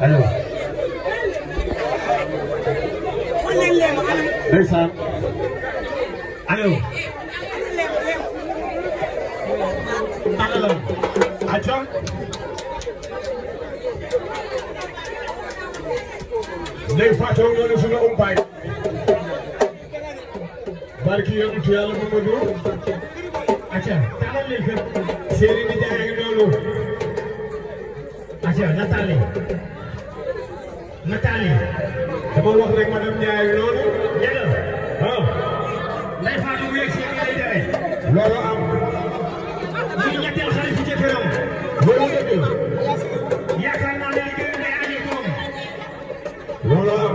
aywa ndeysaan aywa tàggalam acca ndey Fatou noonu sunu umpaay barki yonentu Yàlla Muhammadu acca tàggal leen kër Serigne Ndiaye noonu atia nataale nataale dama wax rek madame Ndiaye loolu yàlla ah Ndeye Fatou Gueye si lay tere loolu am muy ñetteel xale ci jëkkëram loolu yëpp yaakaar naa ne liggéey day aje koom loolu am